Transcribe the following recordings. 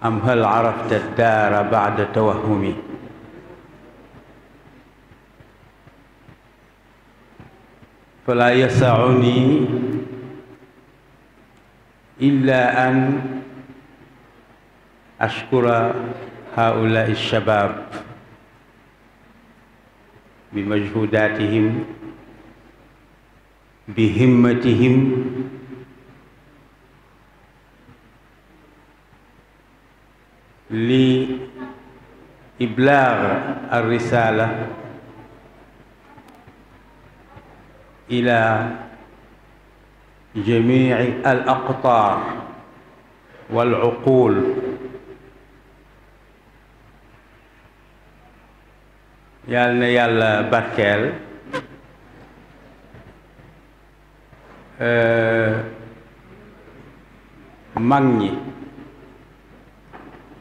am hal arafta daara baada tawahumi fala yasauni illa an ashkura haulai shabab bi majhudatihim bi himmatihim لإبلاغ الرسالة إلى جميع الأقطار والعقول yàlla na yàlla barkeel mag ñi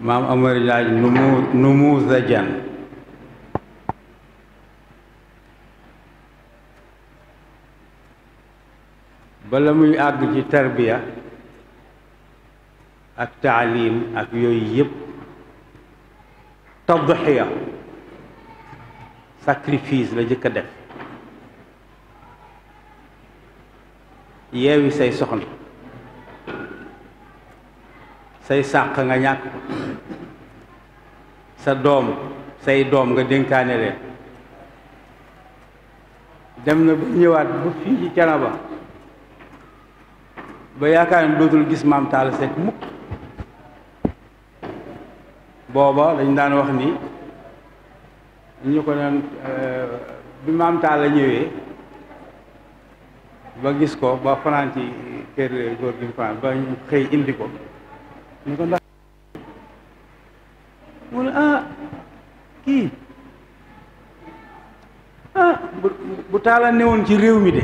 maam amari laaj numu numuzajan bala muy àgg ci tarbiya ak taalim ak yooyu yëpp tadxiya sacrifice la jëkk a def yeewi say soxna say sàq nga ñàkk sa doom say doom nga dénkaane leen dem na ba ñëwaat ba fii ci canaba ba yaakaar ne dootul gis maam Talla Seck mukk booba dañ daan wax ni ñu ko naan euh, bi maam Talla ñëwee ba gis ko ba fanaan ci kër góor gi fanaan ba xëy indi ko ni ko mu ne ah kii ah bu bu taala newoon ci réew mi de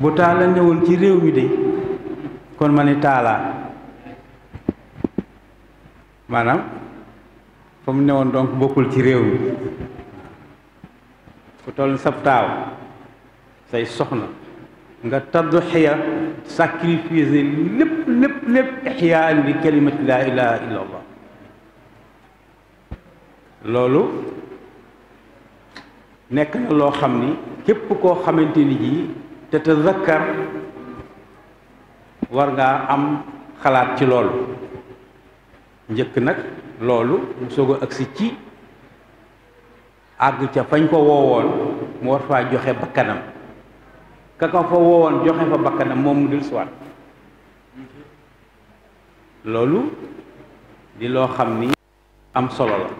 bu taala newoon ci réew mi de kon ma ni taalaa maanaam fa mu newoon donc bokkul ci réew mi ku toll sab taaw say soxna nga taddu xiya sacrifice lépp lépp lépp ixyaan bi kalimati laa ilaha illa loolu nekk na loo xam ni képp koo xamante ni ji te tazakkar war ngaa am xalaat ci loolu njëkk nag loolu soo soog agsi ci àgg ca fañ ko woowoon mu war faa joxe bakkanam ka ko fa woowoon joxe fa bakkanam moom mu dul siwaat loolu di loo xam ni am solo la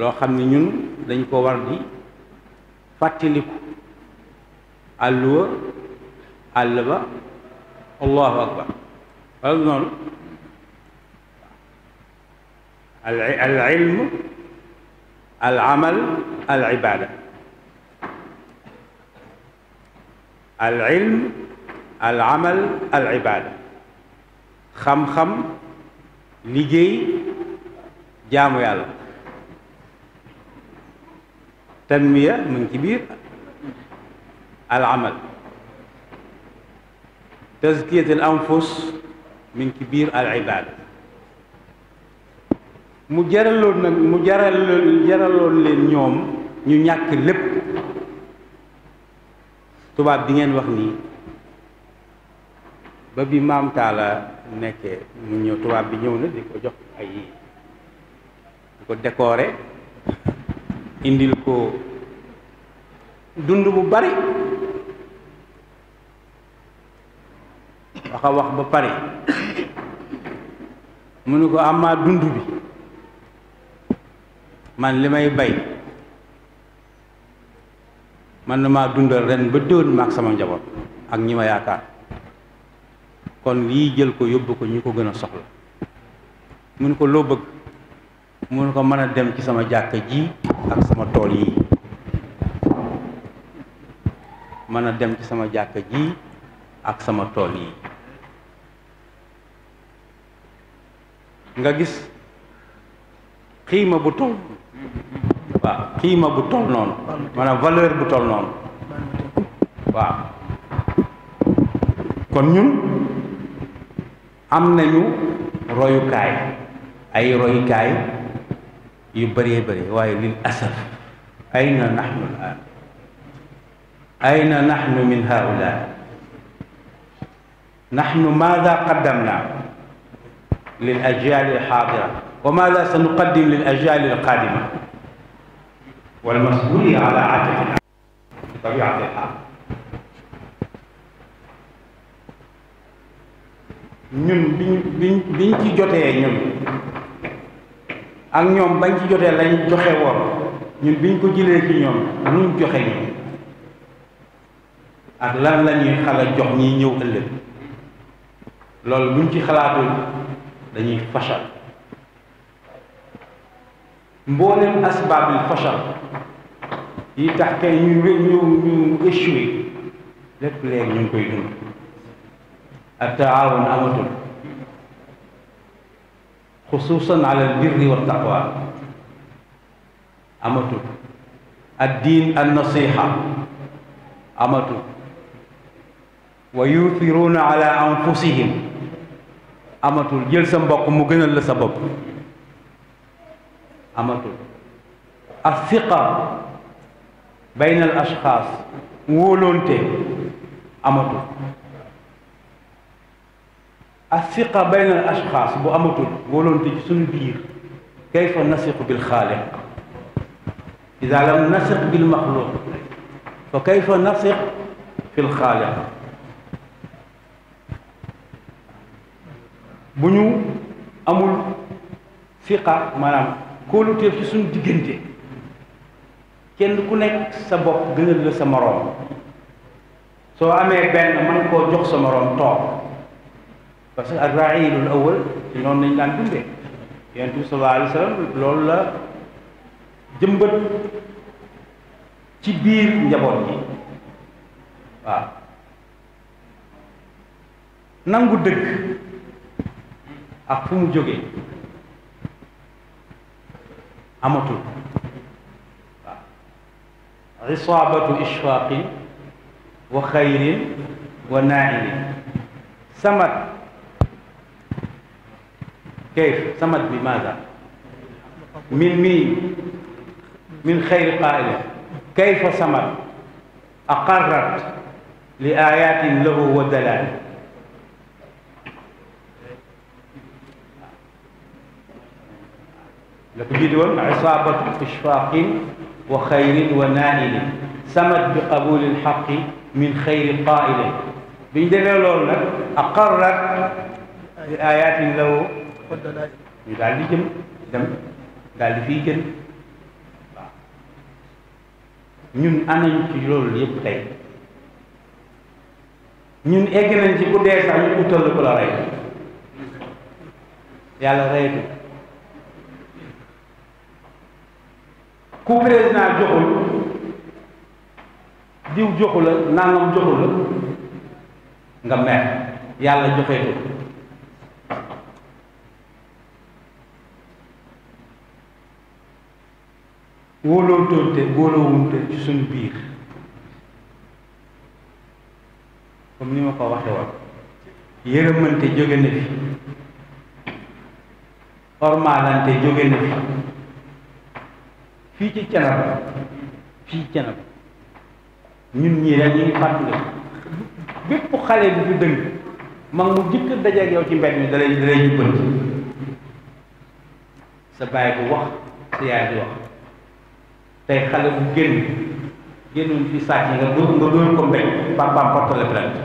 loo xam ni ñun dañ ko war di fàttaliku àlluwa àll ba allahu akbar wala noonu al ilm al amal al ibada alilm alamal alibada xam-xam liggéey jaamu yàlla tanmiya mu ngi ci biir alamal tazkiyat al anfus mi ngi ci biir alibada mu jaraloon nag mu jaraloon leen ñoom ñu ñàkk lépp tubaab bi ngeen wax nii ba bi maam taala nekkee mu ñëw tubaab bi ñëw na di ko jox ay di ko décorer indil ko dund bu bari waxa wax ba pare mu ne ko amaa dund bi man li may bay man na maa dundal ren ba ma ak sama njaboot ak ñi ma yaakaar kon lii jël ko yóbbu ko ñu ko gën a soxla mun ko loo bëgg mun ko mën a dem ci sama jàkka ji ak sama tool yi mën a dem sama jàkka ji ak sama tool yi nga gis xiima bu toll waaw xiima bu toll noonu maanaam valeur bu toll noonu waaw kon ñun am nañu royukaay ay royukaay yu bëree bëri waaye lil asaf ayna nahnu al an ayna nahnu min haula nahnu maada qaddamna lil ajyal al xaadira wa maada sanuqaddim lil ajyal al qaadima والمسؤول على عاتقه بطبيعة الحال ñun biñ biñ biñ ci jotee ñun ak ñoom bañ ci jotee lañ joxe woon ñun biñ ko jëlee ci ñoom luñ joxe ñun ak lan la ñuy xala jox ñiy ñëw ëllëg loolu buñ ci xalaatul dañuy fasal mbooleem asbaabil fashal yi tax tey ñu ñu ñu échoué lépp léegi ñu ngi koy dund ak taawun amatul xusuusan ala albirri wa taqwa amatul addiin an nasiha amatul wa yuthiruuna ala anfusihim amatul jël sa mbokk mu gënal la sa bopp amatul afiqa bayna al ashxaas wóoloonte amatul afiqa bayna al ashxaas bu amatul wóoloonte ci suñu biir kayfa nasiqu bil xaaliq ida lam nasiq bil maxluq fa kayfa nasiq fil xaaliq bu ñu amul fiqa maanaam kóoluteef ci suñu diggante kenn ku nekk sa bopp gënal la sa moroom soo amee benn man koo jox sa moroom toog parce que ak raayilul awal ci noonu lañ daan dundee yonent bi loolu la jëmbat ci biir njaboot yi waaw nangu dëgg ak fu mu jógee amatul waaw isaabatu ishfaaqin wa xayrin wa naaimin samad kayf samad bi maada min mii min xayri qaailin kayfa samad aqarrat li ayatin lahu wa dalaal la ko jiitu woon isaabatu ishfaaqin wa xayrin wa naa'ilin samat bi qabulil xaqi min xayri qaailin bi ñu defee loolu nag aqarrat bi ayaatin law ñu daal di jëm dem daal di fiy jëm waaw ñun am nañu ci loolu yëpp tey ñun egg nañ ci ku dee sax ñu utal ko la rey yàlla reytu ku président joxul diw joxu la nangam joxu la nga mer yàlla joxeetu wóolootoonte wóoloowunte ci suñu biir comme ni ma ko waxe woon yërëmante jóge na fi jóge na fii ci Thiénaba fii ci ñun ñii ñu ngi fàttali bépp xale bu fi dëng mag mu jëkk dajeeg yow ci mbedd mi dalay dalay jubbanti sa baay bu wax sa yaay bu wax tey xale bu génn génnoon fi sàcc yi nga dóor nga dóor ko mbéy papaam porte la plainte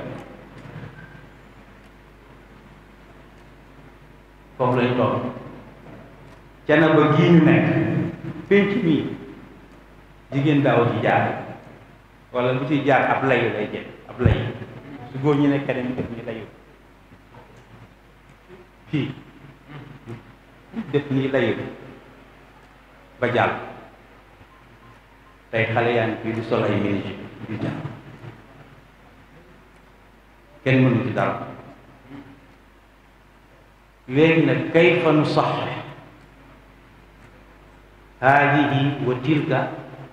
foofu lañ toll Thiénaba gii ñu nekk pénc jigéen daaw ci jaar wala bu ciy jaar ab layu lay jël ab layu su ñi nekk keneen def ni layu fii def nii layu ba jàll tey xale yaa fii di sol ay miniji di jàll kenn mënu ci dara léegi nag kay fa nu sax هذه وتلك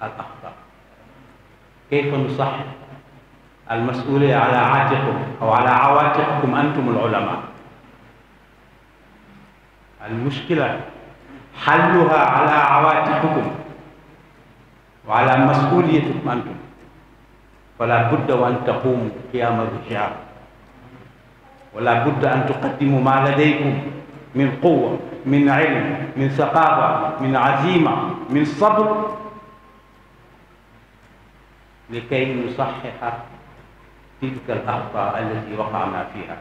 الأخطاء كيف نصحح المسؤولية على عاتقكم أو على عواتقكم أنتم العلماء المشكلة حلها على عواتقكم وعلى مسؤوليتكم أنتم فلا بد وأن تقوموا قيام الرجال ولا بد أن تقدموا ما لديكم من قوة من علم من ثقافة من عزيمة من صبر لكي نصحح تلك الأخطاء التي وقعنا فيها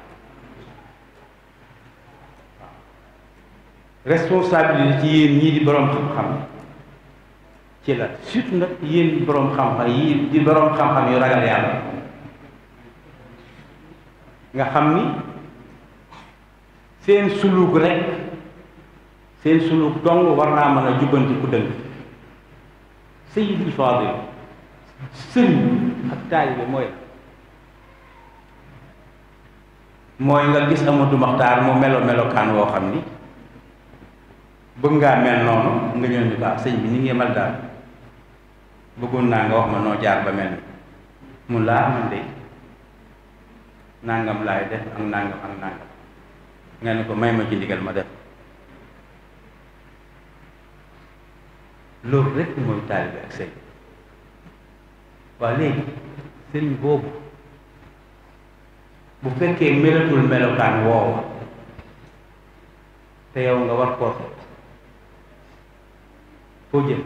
responsabilité yéen ñii di boroom xam-xam ci la surtout nag yéen boroom xam-xam yi di boroom xam-xam yu ragal yàlla nga xam ni seen suluk rek seen suluk dong war naa mën a jubbanti ku dëng sayyidul faadil sëriñ ak taalibe mooy mooy nga gis Amadou Maxtaar mu melo melokaan woo xam ni bëgg ngaa mel noonu nga ñëw ñu baax sëñ bi ni ngi mel daal bëggoon naa nga wax ma noo jaar ba mel ni mu laa man de nangam laay def ak nangam ak nangam nga ne ko may ma ci ndigal ma def loolu rekk mooy taalibe ak sëñ waaw léegi sëñ boobu bu fekkee melatul melokaan woowa te yow nga war koo set foo jëm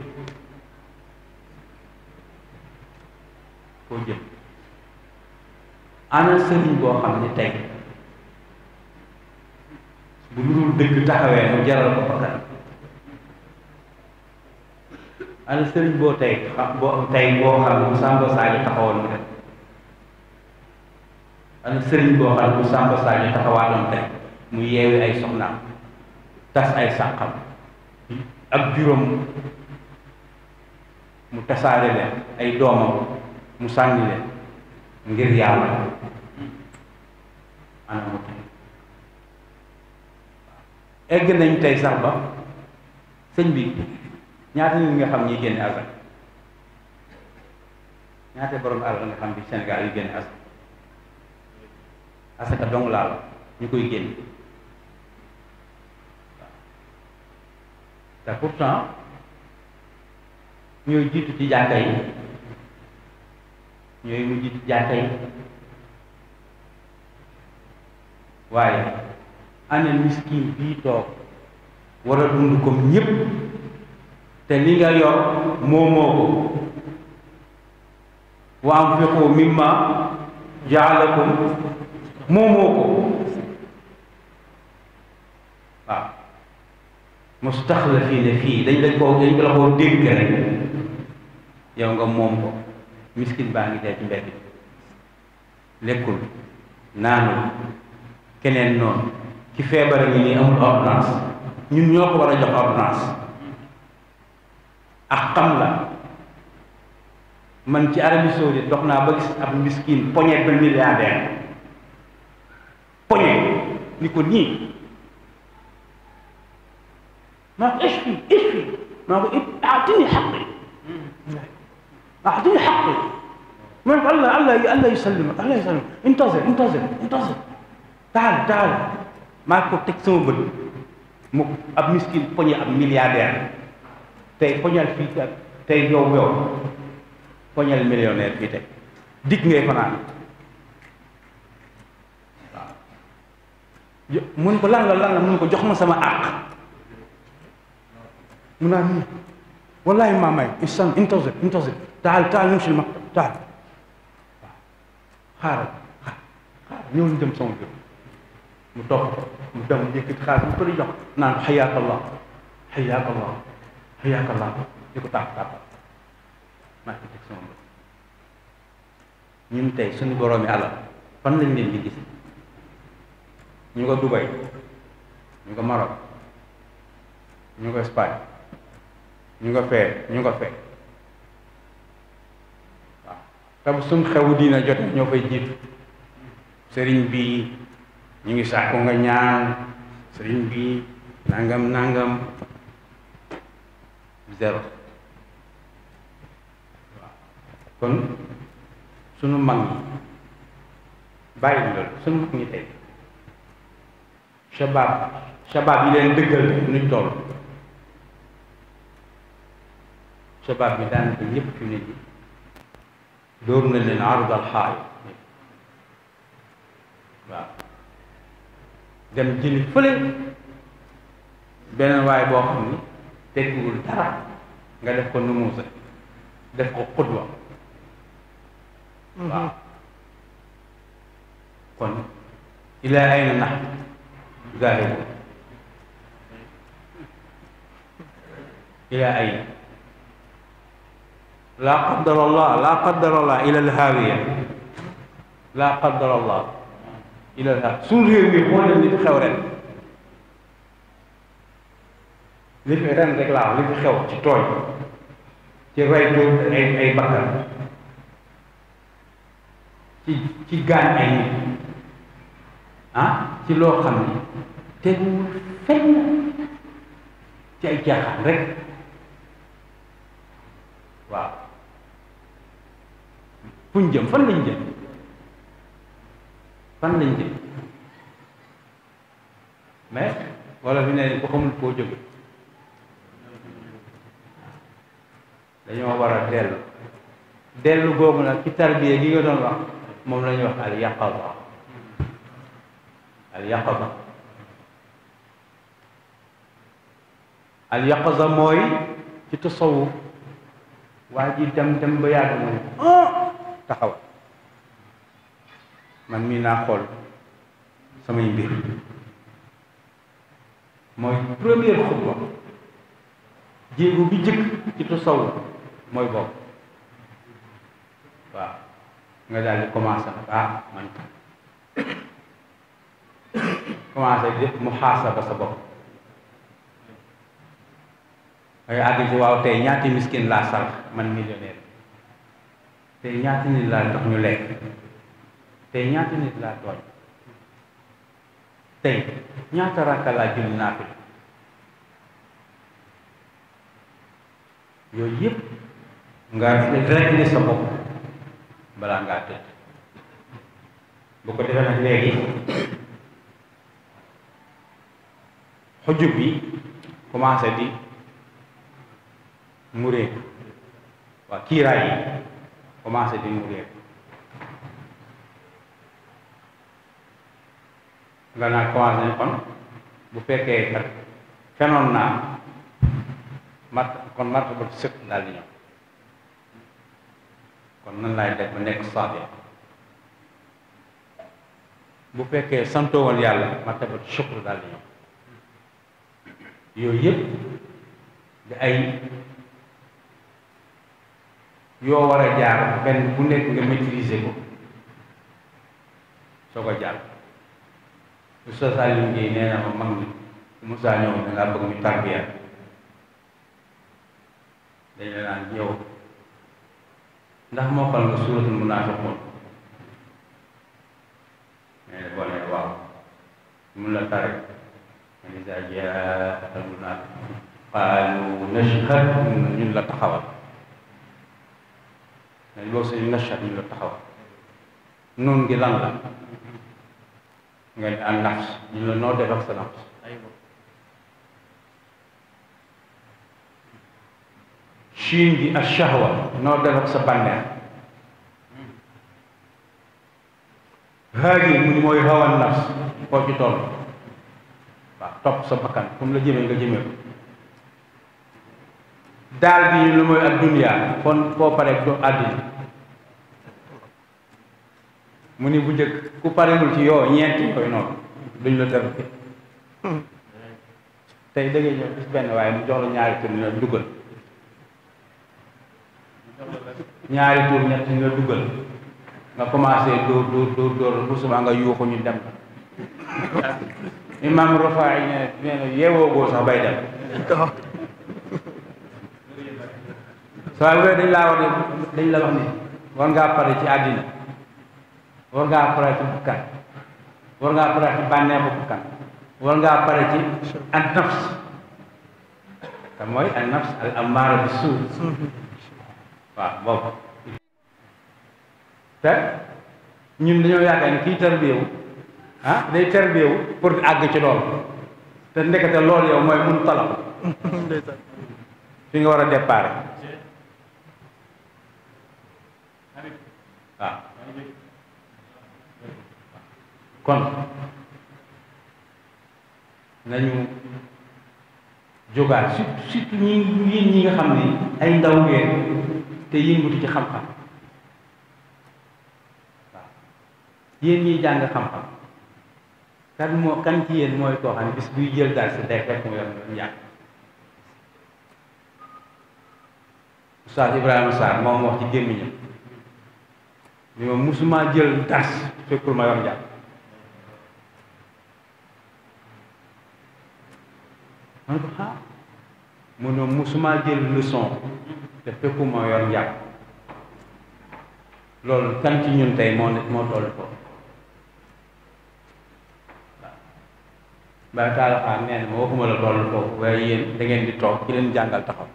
foo jëm ana sëriñ boo xam bu lu dul dëgg taxawee mu jaral ko bakkan ana sëriñ boo tey xam boo am tey boo xam bu Samba Sadio taxawoon nga sëriñ boo xam bu Samba Sadio taxawaaloon tey mu yeewi ay soxnaam tas ay sànqam ak juróom mu tasaare leen ay doomam mu sànni leen ngir yàlla ana mu tey egg nañ tey sax ba sëñ bi ñaata nit nga xam ñi génne asal ñaata borom alal nga xam bi Sénégal yu génne asal asaka dong laa la ñu koy génn te pourtant ñooy jiitu ci jàkka yi ñooy mu jiitu jàkka yi waaye ana miskin bii toog war a dund comme ñépp te li nga yor moomoo ko wa anfiqu mimma jaalakum fii dañ la ko dañ la koo dégg rek yow nga moom ko miskin baa ngi dee ci mbedd lekkul naanul keneen noonu ci feebar yi nii amul ordonnance ñun ñoo ko war a jox ordonnance ak xam la man ci Arabie Saoudite dox naa ba gis ab miskin poñet ba milliardaire poñet ni ko nii maa ko ishfi ishfi maa ko aatini xaqi aatini hmm. xaqi man ko allah allah allah yusallimak allah yusallimak intazir intazir intazir taal taal maa ko teg sama bët mu ab miskin poñe ab milliardaire tey poñal fii ak tey yow yow poñal millionnaire fii tey digg ngay fanaan mun ko lan la mun ko jox ma sama àq mun naa nii wallahi maa may instant intosé intosé taal taal ñu si ma taal waaw xaaral xaaral ñëw ñu dem sama biir mu topp mu dem yëkkati xaalis mu bëri jox naan ko xayaaka allah xayaaka allah xayaaka allah di ko ñun tey suñu boroomi alal fan lañ leen di gis ñu ko Dubai ñu ko Maroc ñu ko ko fee ñu ko fee waaw tam suñ xewu diina jot ñoo fay jiitu sëriñ bii ñu ngi sàkku nga ñaan sëriñ bi nangam nangam zéro kon sunu mag ñi bàyyi loolu sunu mag ñi tey shabab shabab yi leen dëggal nuñ toll shabab bi daanaka ñëpp fi ne ji dóor na leen arudal xaay dem jëli fële beneen waay boo xam ni tekkiwul dara nga def ko numuusa def ko xudwa mm-hmm. waaw kon ilaa ayna nax zaahibu ilaa ayna laa qaddar allah laa qaddar allah ila alhaawiya laa qaddar allah ilal xaq suñu réew mi xoolal li fi xew ren li fi ren rek laa li fi xew ci tooñ ci rey dóor ay ay bakkan ci ci gaañ ay nit ah ci loo xam ne teguwul fenn ci ay caaxaan rek waaw fuñ jëm fan lañ fan lañ jëm mais wala fi ne ko xamul koo jóge dañoo war a dellu dellu boobu nag ci tarbiya gi nga doon wax moom la ñuy wax al yaqaba al yaqaba al yaqaba mooy ci tasawuf waa ji dem dem ba yàgg mooy ah! taxawal man mii naa xool samay mbir mooy première xutba jéego bi jëkk ci tasawuf mooy boobu waaw nga daal di commencé nag ah man commencé def muhaasaba sa bopp ay àgg ci waaw tey ñaati miskin laa sarax man millionnaire tey ñaati nit laa tax ñu lekk tey ñaata nit laa tooñ tey ñaata rakka laa julli naafi yooyu yëpp nga réglé sa bopp balaa ngaa tëdd bu ko defee nag léegi xujub bi commencé di muree waa kiiraay yi di muree naa commencé ne kon bu fekkee kat naa mart kon marte ba sëkk daal di ñëw kon nan laay def ba nekk saadiq bu fekkee santoo woon yàlla marte ba shukr daal di ñëw yooyu yëpp di ay yoo war a jaar benn bu nekk nga maîtriser ko soo ko jaar Oustaz Alioune Guèye nee na ma mag mi Moussa ñëw da ngaa bëgg ñu tarbiya dañ la naan yow ndax mokkal nga suuratul munaafiqun nee na boo mun la tare izaa jaa'akal munaafiquun qaaluu nashhadu ñun la taxawal dañ boo suñu nashhad ñun la taxawal lan nga ne an naqs ñu la noo defar sa naqs chiin gi ak shahwa noo defar sa bànneex haa gi mu mooy hawan nafs foo ci toll waaw topp sa bakkan fu la jëmee nga jëmee ko daal bi lu mooy ak duniyaa fon foo paree do àddina mu ni bu jëkk ku parewul ci yoo ñeenti koy noonu duñ la tërbi hmm. tey da ngay ñëw gis benn waaye mu jox la ñaari tur ñu la dugal ñaari tur ñu la dugal nga commencé dóor dóor dóor dóor bu subaa nga yuuxu ñu dem la imam Rafaa yi ne nee sax bay dem oh. soo yooyu dañ laa wax dañ la wax ne war ngaa pare ci àddina war ngaa pare bukkan war ngaa pare ci bànneexu bukkan war ngaa pare ci an nafs te al ammaara bi suu waaw boobu te ñun dañoo ni kii tarbiyewu ah day tarbiyewu pour àgg ci loolu te ndekete loolu yow mooy mun talab fi nga war a déparé kon nañu jógaat surtout surtout ñi ñi nga xam ni ay ndaw ngeen te yëngutu ci xam-xam waaw yéen ñiy jàng xam-xam kan moo kan ci yéen mooy koo bis buy jël daal si day rek mu yor njàng Oustaz Ibrahima Sarr moom wax ci gémmiñam ni musuma jël dars fekkul ma yor njàng mun ko ah mu ne musuma jël leçon te fekkuma yor njàpp loolu kan ci ñun tey moo moo toll ko Baye Talla Fall nee na waxuma la toll ko waaye yéen da ngeen di toog ki leen jàngal taxaw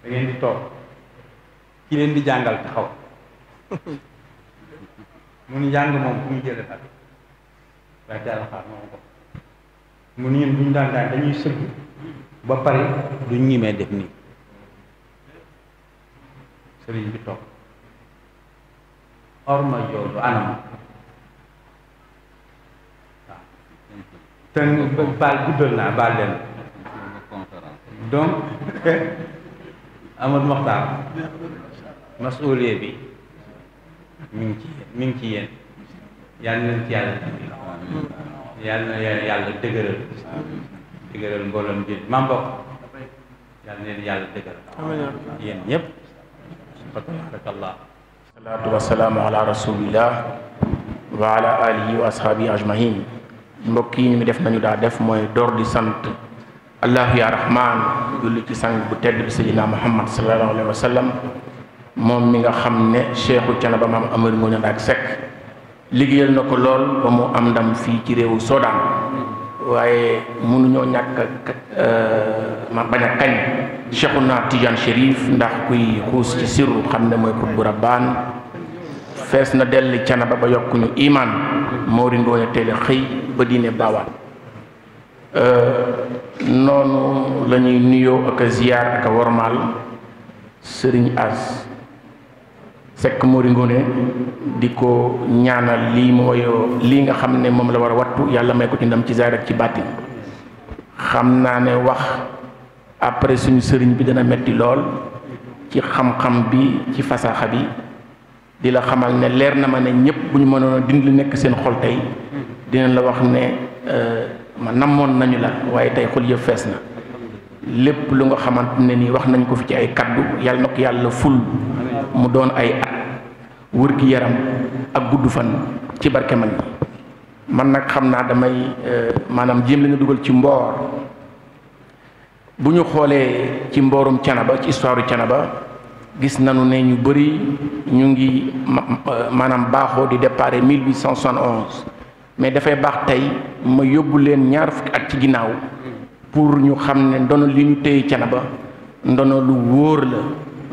da ngeen di toog ki di jàngal taxaw mu njàng moom fu mu jëlee mu ñun bu ñu daan daan dañuy sëgg ba pare du ñimee def nii sëriñ bi toog orma jooju anam te baal guddal naa baal leen donc Amadou Mokhtar masuulee bi mi ngi ci mu ngi ci yéen yàlla nañ ci yàlla ji yàlla na yàlla dëgëral dëgëral mbooloom ji ma mbokk yàlla na leen yàlla dëgëral yéen ñëpp subhanakallah salaatu wasalaamu ala rasulillah wa ala alihi wa ashaabi ajmahin mbokk yi ñu def nañu daa def mooy door di sant allahu ya rahman julli ci sang bu tedd bi sayyidina muhammad sallallahu alayhi wa sallam moom mi nga xam ne cheikhu Thiénaba maam amari ngu ñand ak sekk liggéeyal na ko lool ba mu am ndam fii ci réewu Soudan waaye mënuñoo ñàkk euh, ma bañ a kañ Cheikhuna Tidiane Chérif ndax kuy xuus ci sirru xam ne mooy xutbu rabbaan fees na dell canaba ba yokkuñu imaan mawri ndooña teel a xëy ba diine baawaan euh, noonu la ñuy nuyoo ak a ziyaar ak a wormaal sëriñ as fekk Mori Ngoné di ko ñaanal lii mooy lii nga xam ne moom la war a wattu yàlla may ko ci ndam ci zaahir ci baatin xam naa ne wax après suñu sëriñ bi dana metti lool ci xam-xam bi ci fasaaxa bi di la xamal ne leer na ma ne ñëpp bu ñu mënoon a dindi nekk seen xol tey dinañ la wax ne euh, ma namoon nañu la waaye tey xol yëpp fees na lépp lu nga xamante ne nii wax nañ ko fi ci ay kaddu yàlla na yàlla ful mu doon ay wër gi yaram ak gudd fan ci barke man man nag xam naa damay euh, maanaam jéem lañu dugal ci mboor bu ñu xoolee ci mboorum canaba ci histoire canaba gis nañu ne ñu bëri ñu ngi maanaam baaxoo di départ 1871 mais dafay baax tey ma yóbbu leen ñaar fukki at ci ginnaaw pour ñu xam ne ndono li ñu téye canaba ndono lu wóor la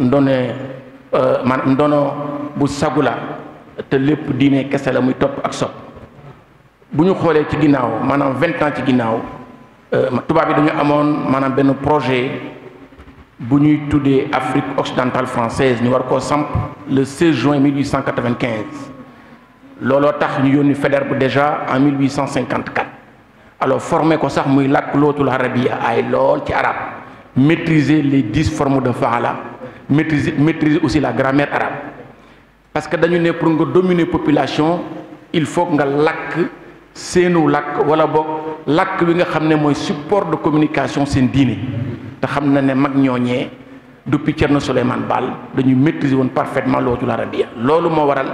ndono euh, maanaam ndono bu sagu la te lépp diine kese la muy topp ak sopp bu ñu xoolee ci ginnaaw maanaam vingt ans ci ginnaaw euh, tubaab yi dañu amoon maanaam benn projet bu ñuy tuddee Afrique occidentale française ñu war koo samp le 16 juin 1895 looloo tax ñu yónni bu déjà en 1854 alors formé ko sax muy làkk lootul arabiya ay lool ci arabe maitriser les dix formes de faala maîtriser maîtriser aussi la grammaire arabe parce que dañu ne pour nga dominer population il faut nga làkk seenu làkk wala boog làkk bi nga xam ne mooy support de communication seen diine te xam na ne mag ñooñee depuis Thierno Souleymane Baal dañuy maîtriser woon parfaitement loo jula arabia loolu moo waral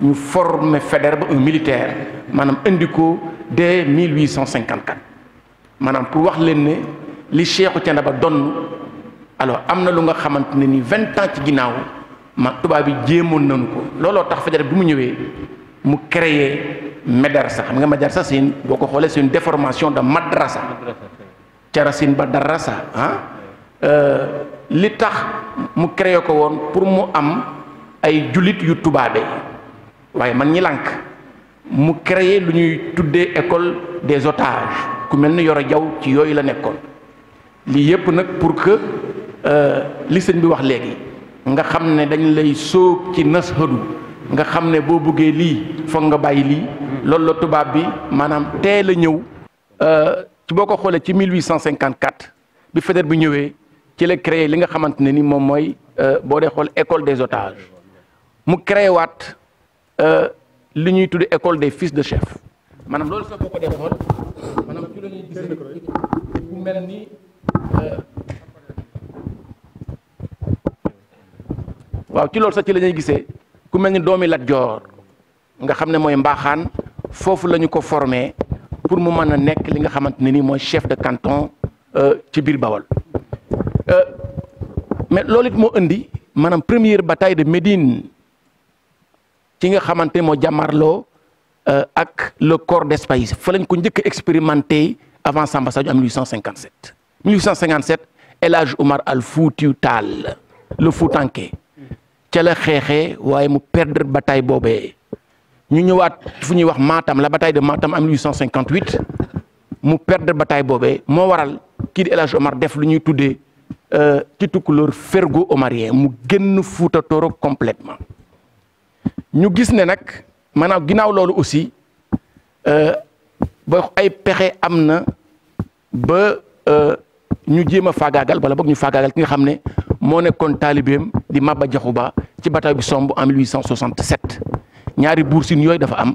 ñu former ba un militaire maanaam indi ko dès 1854 maanaam pour wax leen ne li Cheikhu Thiénaba donn alors am na lu nga xamante ne ni vingt ans ci ginnaaw man tubaab yi jéemoon nañu ko looloo tax fajar bi mu ñëwee mu créé madarsa xam nga madarsa seen boo ko xoolee c'est une déformation de madrasa ca racine ba darasa ah euh, li tax mu créé ko woon pour mu am ay jullit yu tubaabe waaye man ñi lànk mu créé lu ñuy tuddee école des otages ku mel ni Yoro Jaw ci yooyu la nekkoon lii yépp nag pour que euh, li sëñ bi wax léegi nga xam ne dañ lay sóob ci nashadu nga xam ne boo buggee lii foog nga bàyyi lii hmm. loolu la tubaab bi maanaam teel a ñëw euh, ci boo ko xoolee ci 1854 bi Faidherbe bi ñëwee ci la créé li nga xamante ne ni moom mooy euh, boo dee xool école des otages mu créer waat euh, li ñuy tudd école des fils de chef maanaam loolu sax boo ko dee xool maanaam waaw ci loolu sax ci la ñuy gisee ku mel ni doomi Lat Joor nga xam ne mooy mbaaxaan foofu la ñu ko formé pour mu mën a nekk li nga xamante ne nii mooy chef de canton euh, ci biir Bawol euh, mais loolu it moo indi maanaam première bataille de Médine ci nga xamante moo jàmmarloo euh, ak le corps d'Espagne fa lañ ko njëkk a expérimenté avant Samba Sadio en 1857 1857 El Hadj Omar Al Foutiou la le Foutanké ca xeexee waaye mu perdre bataille boobee ñu ñëwaat fu ñuy wax maatam la bataille de Matam en 1858 mu perdre bataille boobee moo waral kii di El Omar def lu ñuy tuddee ci euh, tukkulóor fergo omarien mu génn Fuuta Tooro complètement ñu gis ne nag maanaam ginnaaw loolu aussi euh, ba ay pexe am na ba euh, ñu jéem a ba la boog ñu faagaagal ki nga xam ne moo nekkoon taalibeem di Maba Jaxu Ba ci bataille bi somb en 1867 ñaari buur siin yooyu dafa am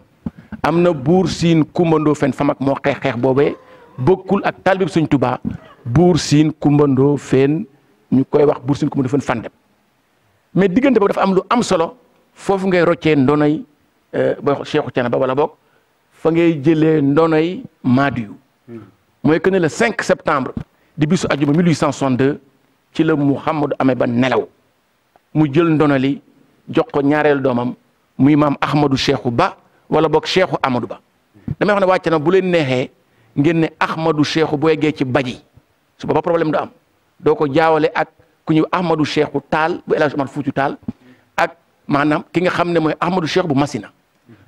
am na buur siin kumbandoo fen famak moo xeex xeex boobee bokkul ak taalibeem Sëñ Tuubaa buur siin kumbandoo fen ñu koy wax buur siin kumbandoo fen fandem mais diggante boobu dafa am lu am solo foofu ngay roccee ndonay euh, booy Seexu ba wala boog fa ngay jëlee ndonay Maadiyu hmm. mooy que ne le 5 septembre di bisu ajuma 1862 ci la Muhammadu amee ba nelaw mu jël ndonali jox ko ñaareelu doomam muy maam Ahmadou Cheikhou Ba wala boog Cheikhou amadu Ba damay wax ne na bu leen neexee ngeen ne Ahmadou Cheikhou boo yeggee ci baji su booba problème du am doo ko jaawale ak ku ñuy Ahmadou Cheikhou Taal bu El Hadj Omar ak maanaam ki nga xam ne mooy Ahmadou Cheikh bu Masina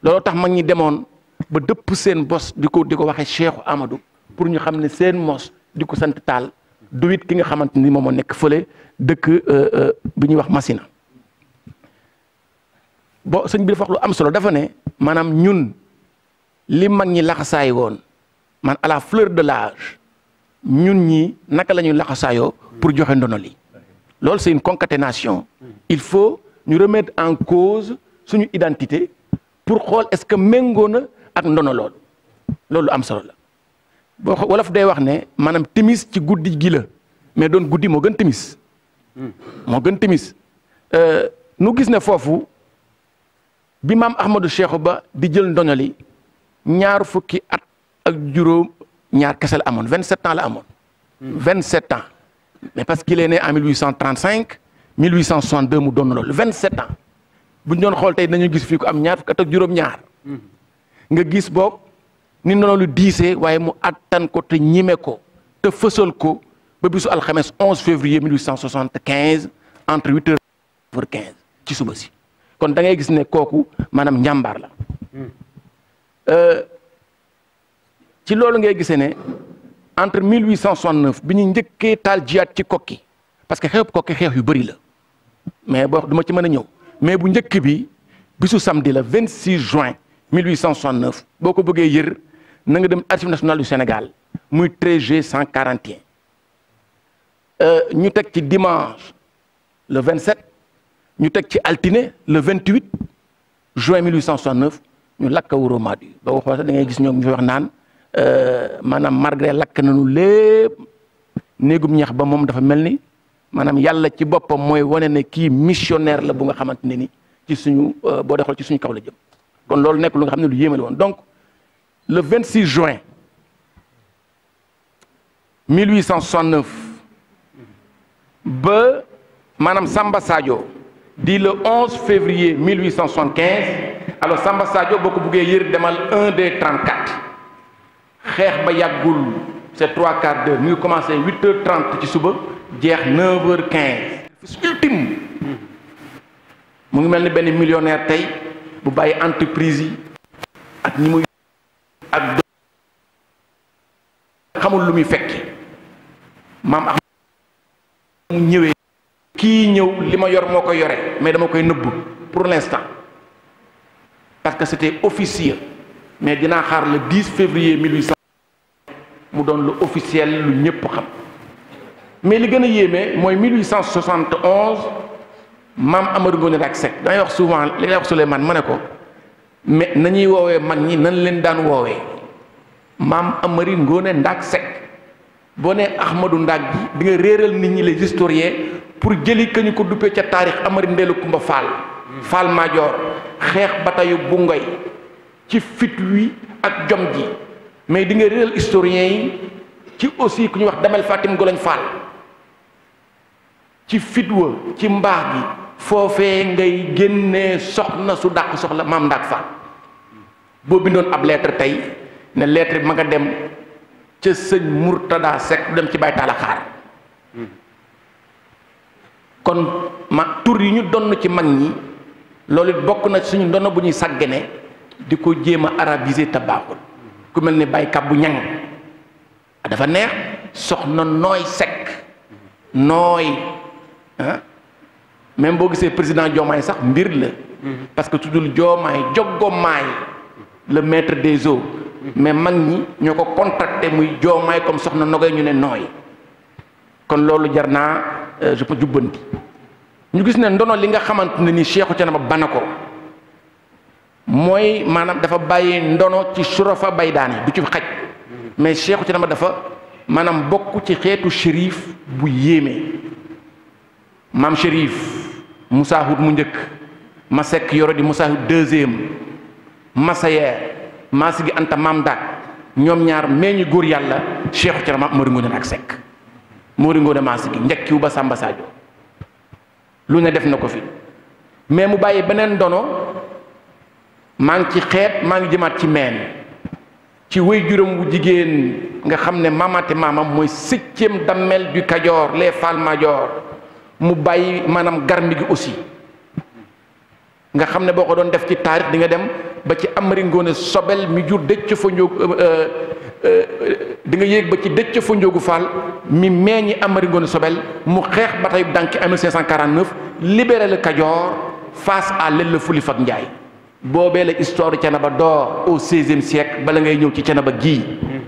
looloo tax mag ñi demoon ba dëpp seen bos di ko di ko waxee Cheikhou Amadou pour ñu xam ne seen mos di ko sant Taal. du it ki nga xamante ni moom moo nekk fële dëkk euh, euh, bi ñuy wax Masina bo sëñ bi dafa wax lu am solo dafa ne maanaam ñun li mag ñi laxasaay woon man à la fleur de l'âge ñun ñi naka lañuy laxasaayoo pour joxe ndono li loolu c'est une concaténation il faut ñu remettre en cause suñu identité pour xool est-ce que méngoo na ak ndono loolu loolu am solo la boo wolof day wax ne maanaam timis ci guddi gi la mais doon guddi moo gën timis hmm. moo gën timis euh, nu gis ne foofu bi maam Ahmadou Cheikh Ba di jël ndoñoli ñaar fukki at ak juróom ñaar kese la amoon 27 ans la amoon. 27 hmm. ans mais parce qu'il est né en 1835 1862 mu doon loolu 27 ans bu ñu doon xool tey dañu gis fii ko am ñaar fukki at ak juróom-ñaar hmm. nga gis boog. ni noonu lu diisee waaye mu attan ko te ñime ko te fësal ko ba bisu alxames 11 février 1875 entre 8 heures 15 ci suba si kon da ngay gis ne kooku maanaam njàmbaar la euh, ci loolu ngay gisee ne entre 1869 bi ñu njëkkee taal jiyaat ci kokki parce que xew kokki xeex yu bëri la mais boo duma ci mën a ñëw mais bu njëkk bi bisu samedi la 26 juin 1869 boo ko bëggee yër na nga dem archive nationale du Sénégal muy 13G 141 euh, ñu teg ci dimanche le 27 ñu teg ci altine le 28 juin 1869 ñu lakk Wuro Madi boo ko waxee da ngay gis ñoom ñu wax naan euh, maanaam malgré lakk nañu lépp néegum ñax ba moom dafa mel ni maanaam yàlla ci boppam mooy wane ne kii missionnaire la bu nga xamante ne ni ci suñu euh, boo dee xool ci suñu kaw la jëm kon loolu nekk lu nga xam ne lu yéeme la woon donc. le 26 juin 1869 ba maanaam Samba Sadio di le 11 février 1875 alors Samba Sadio boo ko buggee yër demal 1 des 34 xeex ba yàggul c'est trois quarts d'heure mi ngi commencé 8 heures 30 ci suba jeex 9 heures 15. ultime mu ngi mel ni benn millionaire tey bu bàyyi entreprise yi ak ñi muy. ak xamul lu muy fekki maam ax mu ñëwee kii ñëw li ma yor moo koy yore mais dama koy nëbb pour l'instant parce que c'était officieux mais dinaa xaar le 10 février mu doon lu officiel lu ñëpp xam mais li gën a yéeme mooy 1871 maam Amadou Ngoné Ndak Seck damay wax souvent li lay wax Souleymane ma ne ko mais nañuy woowee mag ñi nan leen daan woowee maam Amari Ngoone Ndaak Seck boo nee Ahmadou Ndaak bi dinga nga réeral nit ñi les historiens pour jëli ka ko duppee ca taarix Amari Ndeelu Kumba Faal Faal Maajoor xeex batayu Bungoy ci fit wi ak jom ji mais di nga réeral historiens yi ci aussi ku ñuy wax Damel Fatim Goloñ Faal ci fit wa ci mbaax gi foofee ngay génnee soxna su dàq soxla maam ndaak faat boo bindoon ab lettre tey ne lettre bi ma dem ca sëñ Murtada Seck dem ci Baye Talla kon ma tur yi ñu donn ci mag ñi loolu bokk na suñu ndono bu ñuy sàggane di ko jéem a arabisé te ku mel ni Baye Kabbu Ñang dafa neex soxna nooy Seck nooy même boo gisee président Diomaye sax mbir la mm-hmm. parce que tuddul Diomaye Jogomaay le maître des eaux mm-hmm. mais mag ñi ñoo ko contracté muy joomaay comme soxna Nogay ñu ne nooy kon loolu jar naa euh, je peux jubbanti ñu gis ne ndono li nga xamante ne ni Cheikhou Thiénaba bana ko mooy maanaam dafa bàyyi ndono ci bay daane du ci xaj mm-hmm. mais Cheikhou Thiénaba dafa maanaam bokk ci xeetu shérif bu yéeme maam shérif musaahut mu njëkk ma sekk yoro di musaahut deuxième masayeer maasi gi anta maam daak ñoom ñaar meññu góor yàlla Cheikh Thioro Mori Ngoné ak sekk Mori Ngoné gi njëkkiwu ba Samba Sadio lu ne def na ko fi mais mu bàyyi beneen dono maa ngi ci xeet maa ngi jëmaat ci meen ci wéy juróom wu jigéen nga xam ne maamaate maamam mooy septième dammel du Kajoor les Fall Major mu bàyyi maanaam garmi gi aussi nga xam ne boo ko doon def ci taarix di nga dem ba ci Amari Ngoone Sobel mi jur dëcc fa njóog euh, euh, euh, di nga yéeg ba ci dëcc fa njóogu Fall mi ñi Amari Ngoone Sobel mu xeex ba tey dànki en 1549 libéré le Kajoor face à lël fuli fak Njaay boobee la histoire de Thiénaba door au seizième siècle bala ngay ñëw ci Thiénaba gii mm-hmm.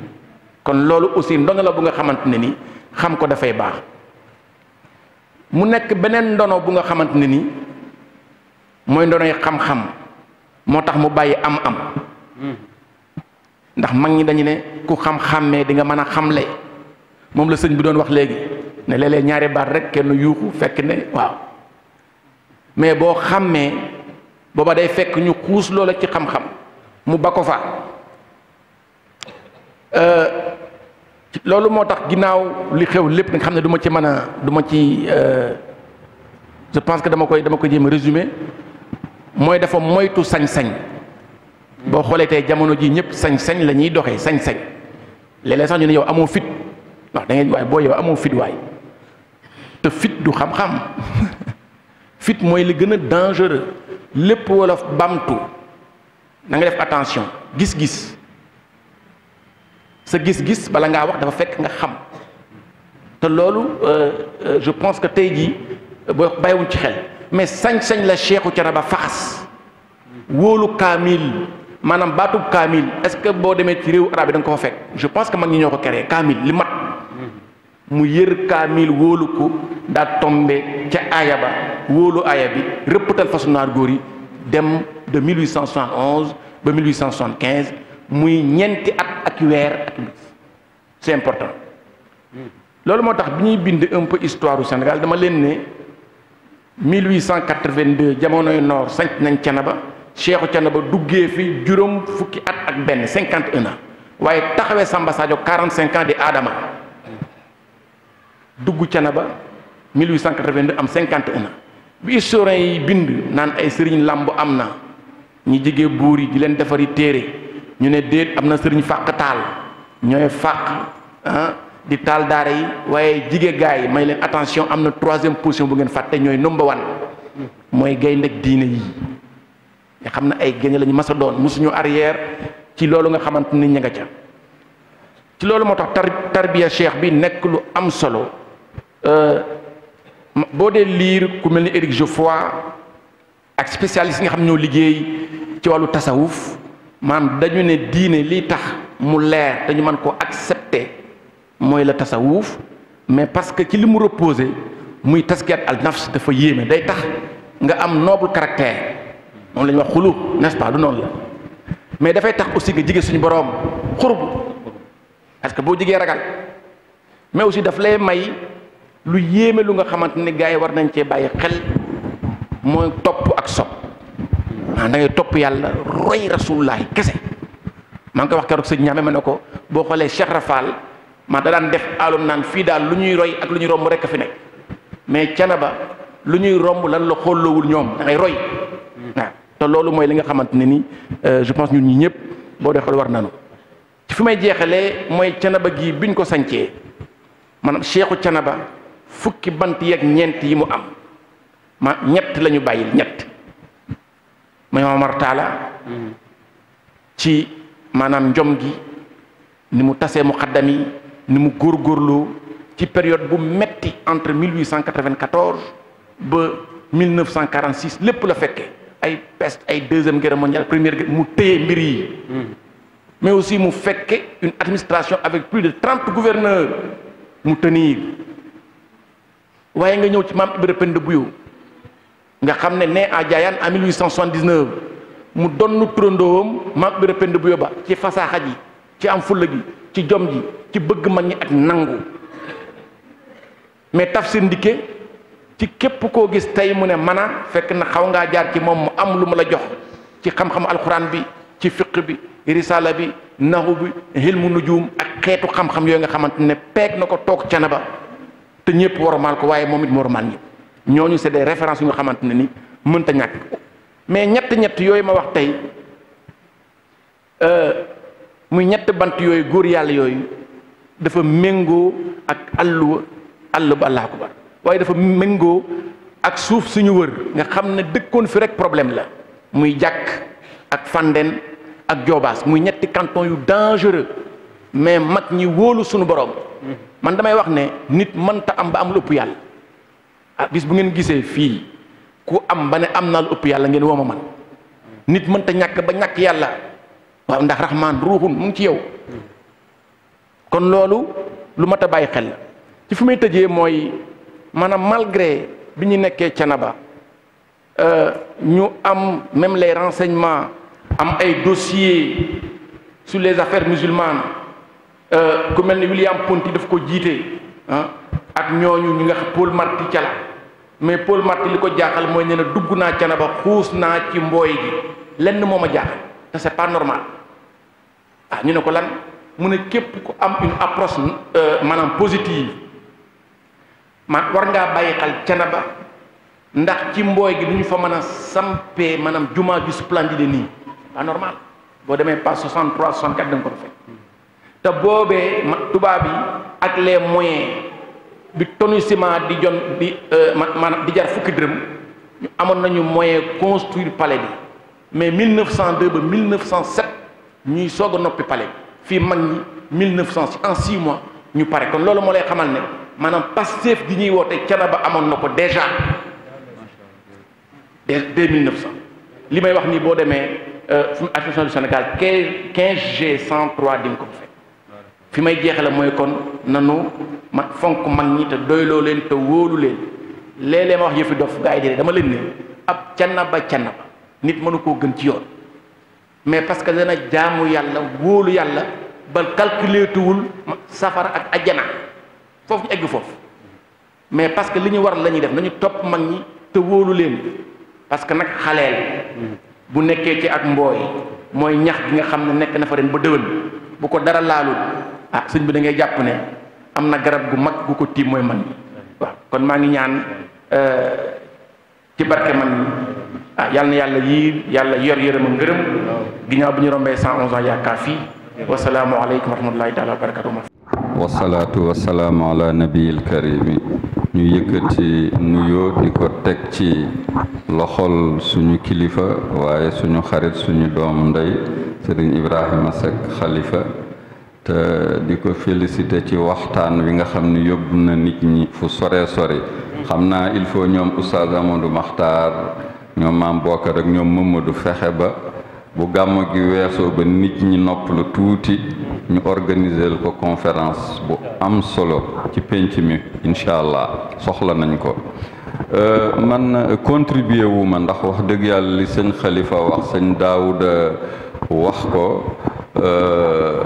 kon loolu aussi ndongo la bu nga xamante ne ni xam ko dafay baax mu nekk beneen ndono bu nga xamante ne nii mooy ndonoy xam-xam moo tax mu bàyyi am-am ndax mag ñi dañu ne ku xam-xàmmee di nga mën a xamle moom la sëñ bu doon wax léegi ne léeg-léeg ñaari baat rek kenn yuuxu fekk ne waaw mais boo xàmmee booba day fekk ñu xuus loola ci xam-xam mu ba ko fa euh, loolu moo tax ginnaaw li xew lépp nga xam ne du ma ci mën a duma ma ci euh, je pense que dama koy dama koy jéem a résumé mooy dafa moytu sañ-sañ boo xoolee tey jamono ji ñëpp sañ-sañ la ñuy doxee sañ-sañ léeg-léeg sax ñu ne yow amoo fit wax da ngeen waaye boo yow amoo fit waay te fit du xam-xam fit mooy li gën a dangereux lépp wolof bamtu na nga def attention gis-gis sa gis-gis bala ngaa wax dafa fekk nga xam te loolu euh, euh, je pense que tey jii boo bàyyiwuñ ci xel mais sañ-sañ la Cheikhou Thiénaba faxas wóolu kaamil maanaam baatub kaamil est-ce que boo demee ci réew arab yi da nga ko fa fekk je pense que mag ñi ñoo ko créé kaamil li mat mu yër kaamil wóolu ko daa tombe ca aaya ba wóolu aaya bi rëppatal façon naar góor yi dem de 1871 ba 1875 muy ñeenti at ak weer ak bis c'est important loolu moo tax bi ñuy bind un peu histoire du Sénégal dama leen ne 1882 jamonoy noor sanc nañ Thiénaba Cheikhu Thiénaba duggee fi juróom fukki at ak benn 51 ans waaye taxawee Samba Sadio 45 ans di Adama dugg Thiénaba 1882 am 51 ans bi historiens yi bind naan ay sëriñ làmb am na ñi jege buur yi di leen defari téere ñu ne déet am na sëriñ fàq taal ñooy fàq ah di taal daara yi waaye jige gaay yi may leen attention am na troisième position bu ngeen fàtte ñooy nomba one mooy gaynde ak diine yi nga xam ne ay génne lañu mas doon mosuñu arrière ci loolu nga xamante ni ña nga ca ci loolu moo tax tar tarbiya cheikh bi nekk lu am solo euh, boo dee liir ku mel ni Éric Geoffroy ak spécialiste yi nga xam ñoo liggéey ci wàllu tasawuf maanaam dañu ne diine lii tax mu leer dañu mën koo accepter mooy la tasawuuf mais parce que ci li mu reposé muy taskiyaat al nafs dafa yéeme day tax nga am noble caractère moom la ñuy wax xulu nest du noonu la mais dafay tax aussi nga jige suñu boroom xurub parce que boo jigee ragal mais aussi daf lay may lu yéeme lu nga xamante ni gars yi war nañ cee bàyyi xel mooy topp ak sob maanaam da topp yàlla roy rasulullahi kese maa ngi koy wax keroog sëñ ñaame ma ne ko boo xoolee Cheikh Rafal maa da daan def aalum naan fii daal lu ñuy roy ak lu ñuy romb rek a fi nekk mais Thiénaba lu ñuy romb lan la xolloowul ñoom da roy te loolu mooy li nga xamante ne ni euh, je pense ñun ñi ñëpp boo dee xool war nanu ci fi may jeexalee mooy Thiénaba gii biñ ko sancee maanaam Cheikhu Thiénaba fukki bant yeeg ñeent yi mu am ma ñett lañu bàyyil ñett muy Omar Talla mm-hmm. ci maanaam njom gi ni mu tasee muqaddam yi ni mu góor góorgóorloo ci période bu metti entre 1894 ba 1946 lépp la fekkee ay peste ay deuxième guerre mondiale première guerre mu tëye mbir yi mm-hmm. mais aussi mu fekke une administration avec plus de trente gouverneurs mu tenir waaye nga ñëw ci maam Ibra Penda Buyo nga xam ne né à Diayane en 1879 mu donn turandoowam maam Ibra Penda bu yóbba ci fasaaxa ji ci am fulla bi ci jom ji ci bëgg mag ñi ak nangu mais seen Ndike ci képp koo gis tey mu ne man a fekk na xaw ngaa jaar ci moom mu am lu mu la jox ci xam-xam alxuraan bi ci fiq bi risala bi naxu bi xilmu nujum ak xeetu xam-xam yooyu nga xamante ne peeg na ko toog na ba te ñëpp warmaal ko waaye moom it mu warmaal ñëpp ñooñu c'est des références yu nga xamante ne ni mënta ñàkk mais ñett ñett yooyu ma wax tey euh, muy ñett bant yooyu góor yàlla yooyu dafa méngoo ak àlluwa àll ba Allahu akbar waaye dafa méngoo ak suuf suñu wër nga xam ne dëkkoon fi rek problème la muy jàkk ak Fandène ak Diobass muy ñetti canton yu dangereux mais mag ñi wóolu suñu borom man damay wax ne nit mënta am ba am lopp yàlla ah bis bu ngeen gisee fii ku am ba ne am naa lu ëpp yàlla ngeen woo ma man nit mënta ñàkk ba ñàkk yàlla waaw ndax rahmaan ruuxun mu ngi ci yow kon loolu lu mat a bàyyi xel ci fi may tëjee mooy maanaam malgré bi ñu nekkee Thiénaba euh, ñu am même les renseignements am ay dossiers sur les affaires musulmanes euh, ku ne ni William ponti daf ko jiitee ah, ak ñooñu ñu nga xam Paul Marty mais Paul Marty li ko jaaxal mooy nee na dugg naa Thiénaba xuus naa ci mbooy gi lenn moom a jaaxal te c'est pas normal ah ñu ne ko lan mu ne képp ku am une approche euh, maanaam positive ma war ngaa bàyyi xel Thiénaba ndax ci mbooy gi du ñu fa mën a sampee maanaam jumaa ju splendide nii pas normal boo demee pas 63 64 da nga ko fekk te boobee tubaab yi ak les moyens. bi tonu ciment di jon di euh, maanaam di jar fukki dërëm ñu amoon nañu moyen construire palais bi mais 1902 ba 1907 ñuy soog a noppi palais bi fii mag ñi 1906 en 6 mois ñu pare kon loolu moo lay xamal ne maanaam Pastef di ñuy woote Thiénaba amoon na ko déjà dès dès 1900 li may wax nii boo demee fu euh, mu du Sénégal 15 G 103 di nga ko. fi may jeexale mooy kon nanu ma fonk mag ñi te doyloo leen te wóolu leen léeg-léeg ma wax yëfi dof gaa yi di dama leen ne ab canna ba nit mënu koo gën ci yoon mais parce que dana jaamu yàlla wóolu yàlla ba calculer tuwul safara ak ajjana foofu ñu egg foofu mais parce que li ñu war la ñuy def nañu topp mag ñi te wóolu leen parce que nag xaleel bu nekkee ci ak mbooy mooy ñax gi nga xam ne nekk na fa ren ba dëwën bu ko dara laalul ah suñ bi dangay jàpp ne am na garab gu mag gu ko tiim mooy man waaw kon maa ngi ñaan euh, ci barke man mi ah, yàlla na yàlla yii yàlla yor yërëm a ngërëm ginnaaw bi ñu rombee cent onze ans yaakaar fii wasalaamu aleykum wa rahmatullahi taala wa barakatuh wasalaatu wasalaamu ala nabiyil karimi ñu yëkkati nuyoo di ko teg ci loxol suñu kilifa waaye suñu xarit suñu doom ndey sëriñ Ibrahima Seck xalifa te di ko félicité ci waxtaan wi nga xam ni yóbbu na nit ñi fu sore sori xam naa il faut ñoom oustaz du Makhtar ñoom maam Bokar ak ñoom Mamadou fexe ba bu gàmmu gi weesoo ba nit ñi noppalu tuuti ñu organiser ko conférence bu am solo ci pénc mi incha allah soxla nañ ko euh, man contribuer wu ma ndax wax dëgg yàlla li sëñ Xalifa wax sëñ Daawuda wax ko Euh,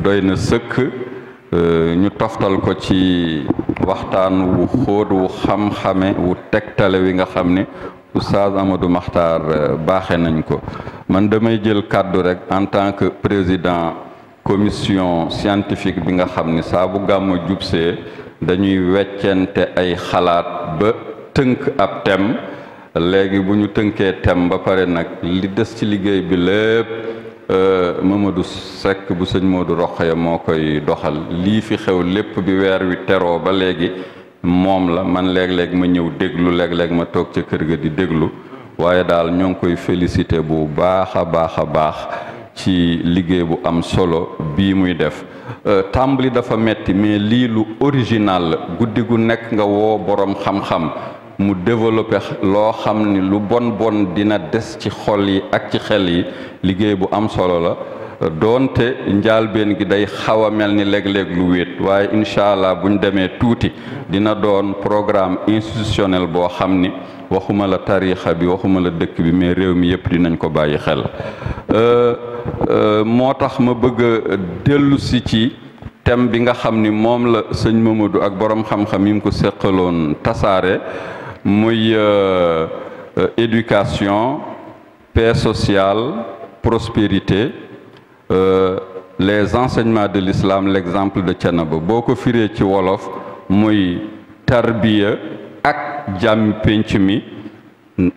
doy na sëkk euh, ñu toftal ko ci waxtaan wu xóot wu xam wu tegtale wi nga xam ne Oustaz Amadou Makhtar euh, baaxe nañ ko man damay jël kàddu rek en tant que président commission scientifique bi nga xam ni saa bu gàmmu jubsee dañuy weccente ay xalaat ba tënk ab tem léegi bu ñu tënkee thème ba pare nag li des ci liggéey bi lépp Euh, Mamadou Seck bu sëñ Modou Rokhaya moo koy doxal lii fi xew lépp bi weer wi teroo ba léegi moom la man léeg-léeg ma ñëw déglu léeg-léeg ma toog ca kër ga di déglu waaye daal ñoo ngi koy félicité bu baax a baax a baax ci liggéey bu am solo bii muy def euh, tàmbali dafa metti mais lii lu original guddi gu nekk nga woo boroom xam-xam mu développé loo xam ni lu bon bon dina des ci xol yi ak ci xel yi liggéey bu am solo la doonte njaalbeen gi day xaw a mel ni léeg-léeg lu wéet waaye incha allah bu demee tuuti dina doon programme institutionnel boo xam ni waxuma la tariixa bi waxuma la dëkk bi mais réew mi yëpp dinañ ko bàyyi xel euh, euh, moo tax ma bëgg a dellu si ci thème bi nga xam ni moom la sëñ Mamadou ak borom xam-xam yi mu ko seqaloon tasaare muy euh, euh, éducation paix sociale prospérité euh, les enseignements de l'islam l'exemple de Thiénaba boo ko firee ci wolof muy tarbiya ak jàmmi pénc mi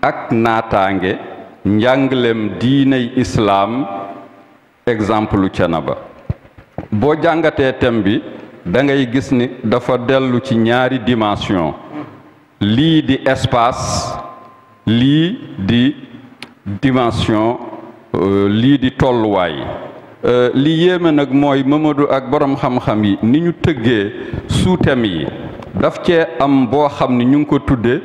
ak naataange njàngaleem diiney islaam exemple Thiénaba boo jàngatee thème bi da ngay gis ni dafa dellu ci ñaari dimension lii di espace lii di dimension euh, lii di tolluwaay euh, lii yéeme nag mooy Mamadou ak borom xam-xam yi ni ñu tëggee sous yi daf cee am boo xam ni ñu ngi ko tudde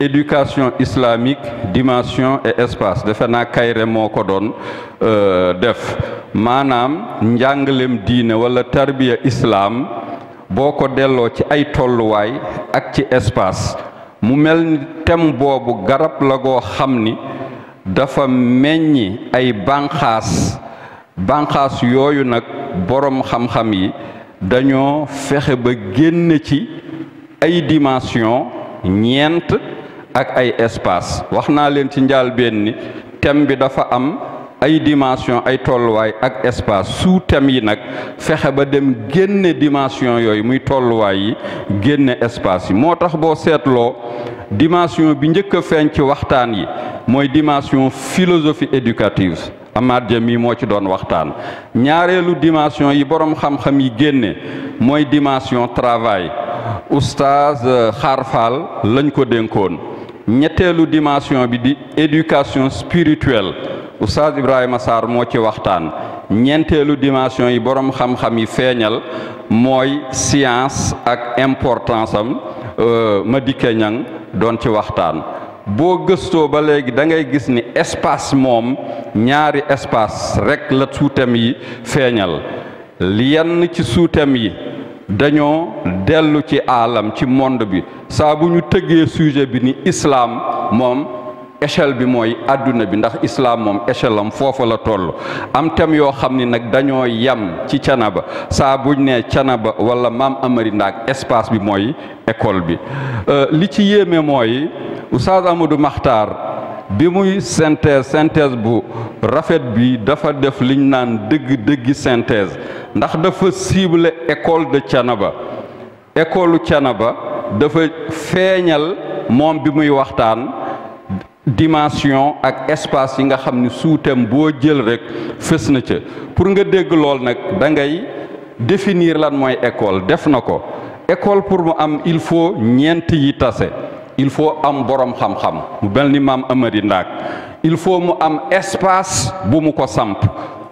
éducation islamique dimension et espace defe na kayre moo ko doon euh, def maanaam njàngalem diine wala tarbiya islaam boo ko delloo ci ay tolluwaay ak ci espace mu mel ni tem boobu garab la goo xam ni dafa meññi ay bànqaas bànqaas yooyu nag boroom xam-xam yi dañoo fexe ba génn ci ay dimension ñeent ak ay espace wax naa leen ci njàlbéen ni tem bi dafa am ay dimension ay tolluwaay ak espace sous thème yi nag fexe ba dem génne dimension yooyu muy tolluwaay yi génne espace yi moo tax boo seetloo dimension bi njëkk a feeñ ci waxtaan yi mooy dimension philosophie éducative Amath Dia moo ci doon waxtaan ñaareelu dimension yi borom xam-xam yi génne mooy dimension travail oustaz xaarfaal euh, lañ ko dénkoon ñetteelu dimension bi di éducation spirituelle oustaz Ibrahima Sarr moo ci waxtaan ñeenteelu dimension yi borom xam-xam yi feeñal mooy science ak importance am euh, Madické Niang doon ci waxtaan boo gëstoo ba léegi da ngay gis ni espace moom ñaari espace rek la suutam yi feeñal yenn ci suutam yi dañoo dellu ci aalam ci monde bi saa bu ñu tëggee sujet bi ni islaam moom échelle bi mooy àdduna bi ndax islaam moom échelle am foofa la toll am thème yoo xam ni nag dañoo yam ci canaba saa buñ ne canaba wala maam amari ndaak espace bi mooy école bi euh, li ci yéeme mooy oustaz Amadou Makhtar bi muy synthèse bu rafet bi dafa def liñ naan dëgg dëgg synthèse ndax dafa cible école de canaba école canaba dafa feeñal moom bi muy waxtaan dimension ak espace yi nga xam ni sous boo jël rek fës na ca pour nga dégg lool nag da ngay définir lan mooy école def na ko école pour mu am il faut ñeent yi tase il faut am borom xam-xam mu bel ni maam Amari Ndaak il faut mu am espace bu mu ko samp